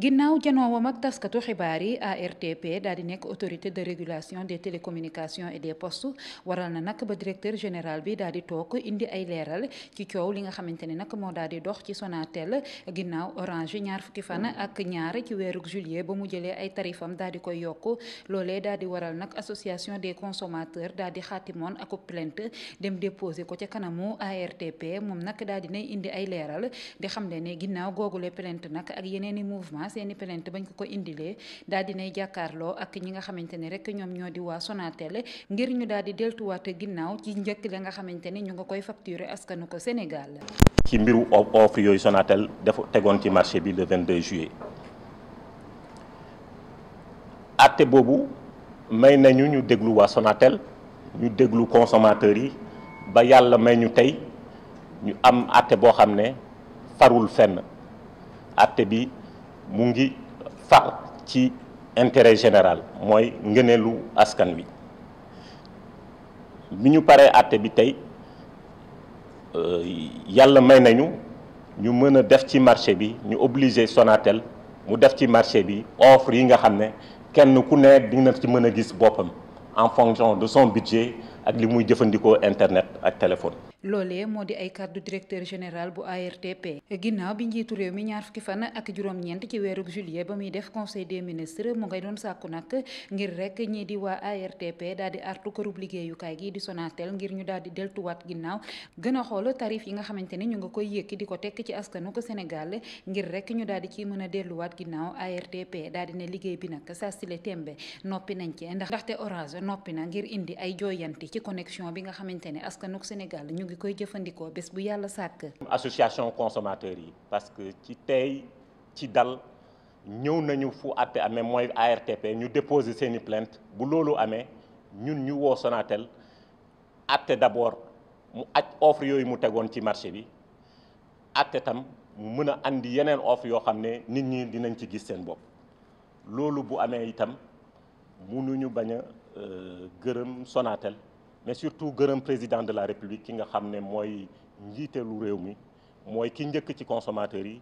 ginnaaw janoowam ak taskatu xibaar yi ARTP daal di nekk autorité de régulation des télécommunications et des postes waral na nag ba directeur général bi daal di toog indi ay leeral ci coow li nga xamante ne nag moo daal di dox ci Sonatel ginnaaw Orange ñaar fukki fan ak ñaar ci weeru juillet ba mu jëlee ay tarifam daal di koy yokk loole daal di waral nag association des consommateurs daal di xaatimoon ak plainte dem déposé ko ca kanamu ARTP moom nag dal di nay indi ay leeral di xam seeni plainte bañ ko ko indilee daal dinay jàkkaarloo ak ñi nga xamante ne rek ñoom ñoo di waa Sonatel ngir ñu daal di deltuwaat ginnaaw ci njëkk la nga xamante ni ñu nga koy facturer askanu ko Sénégal ci mbiru offre yooyu Sonatel dafa tegoon ci marché bi le 22 juillet ate boobu may nañu ñu dégluwaa waa Sonatel ñu déglu consommateurs yi ba yàlla may ñu tey ñu am atte boo xam ne farul fenn atte bi mu ngi far ci intéret général mooy ngëneelu askan wi bi ñu paree àtte bi tey euh, yàlla may nañu ñu mën a def ci marché bi ñu obligé Sonatel mu def ci marché bi offre yi nga xam ne kenn ku ne dina ci mën a gis boppam en fonction de son budget ak li muy jëfandikoo internet ak téléphone. loolee moo di ay kàddu directeur général bu ARTP. ginnaaw bi njiitu réew mi ñaar fukki fan ak juróom-ñeent ci weeru juillet ba muy def conseil des ministres mu ngay doon sàkku nag ngir rek ñii di waa ARTP daal di artu kërub liggéeyukaay gi di Sonatel ngir ñu daal di deltuwaat ginnaaw gën a xool tarif yi nga xamante ni ñu nga koy yëkki di ko tekk ci askanu ko Sénégal ngir rek ñu daal di ci mën a delluwaat ginnaaw ARTP daal di ne liggéey bi nag saa sile tembe noppi déconnexion bi nga xamante ne askanug Sénégal ñu ngi koy jëfandikoo bés bu yàlla sàkk. association consommateurs yi parce que ci tey ci dal ñëw nañu fu àtte amee mooy ARTP ñu déposer seen i plainte bu loolu amee ñun ñu woo Sonatel àtte d'abord mu aj offre yooyu mu tegoon ci marché bi àtte tam mu mën a indi yeneen offre yoo xam ne nit ñi dinañ ci gis seen bopp loolu bu amee itam mënuñu bañ a euh, gërëm Sonatel mais surtout gërëm président de la république ki nga xam ne mooy njiiteelu réew mi mooy ki njëkk ci consommateurs yi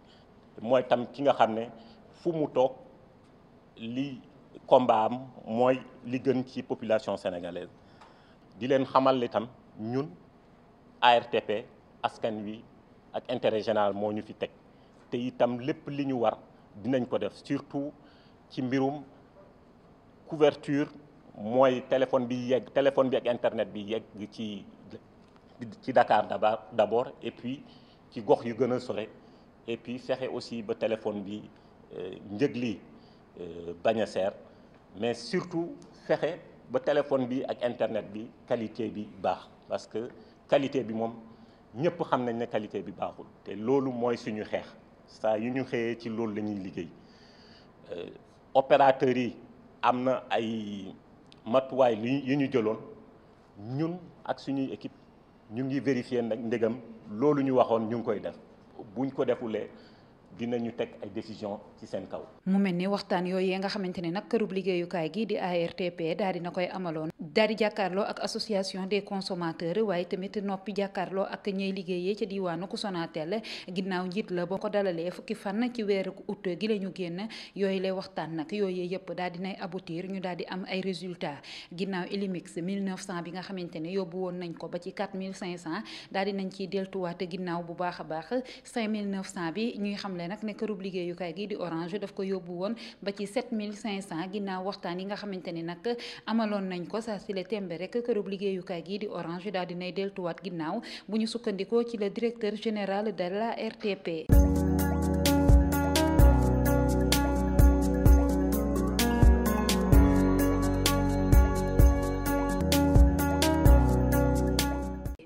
mooy tam ki nga xam ne fu mu toog li combat am mooy li gën ci population sénégalaise di leen xamal li tam ñun ARTP askan wi ak intérêt moo ñu fi teg te itam lépp li ñu war dinañ ko def surtout ci mbirum couverture mooy téléphone bi yegg téléphone bi ak internet bi yegg ci ci Dakar d'abord et puis ci gox yu gën a sore et puis fexe aussi ba téléphone bi euh, njëg li euh, bañ a seer mais surtout fexe ba téléphone bi ak internet bi qualité bi baax parce que qualité bi moom ñëpp xam nañ ne qualité bi baaxul te loolu mooy suñu xeex saa yu ñu xëyee ci loolu la ñuy liggéey euh, opérateurs yi am na ay matuwaay li yu ñu jëloon ñun ak suñuy équipe ñu ngi vérifier nag ndegam loolu ñu waxoon ñu ngi koy def buñ ko defulee dinañu teg ay décision ci seen kaw. mu mel ni waxtaan yooyu nga xamante ne nag kërub liggéeyukaay gi di ARTP daal dina koy amaloon. dal di jàkkaarloo ak association des consommateurs waaye tamit noppi jàkkaarloo ak ñay liggéeyee ca diwaanu ku Sonatel ginnaaw njiit la ba ko dalalee fukki fan ci weeru août gi la ñu génn yooyu lay waxtaan nag yooyu yëpp daal dinay aboutir ñu daal di am ay résultat ginnaaw Ilimix 1900 bi nga xamante ne yóbbu woon nañ ko ba ci 4500 daal di nañ ciy deltuwaat ginnaaw bu baax a baax xamle nag ne kërub liggéeyukaay gi di orange daf ko yóbbu woon ba ci 7500 ginnaaw waxtaan yi nga xamante ne nag amaloon nañ ko saa si le tembe rek këru liggéeyukaay gi di orange daal dinay deltuwaat ginnaaw bu ñu sukkandikoo ci le directeur général de la RTP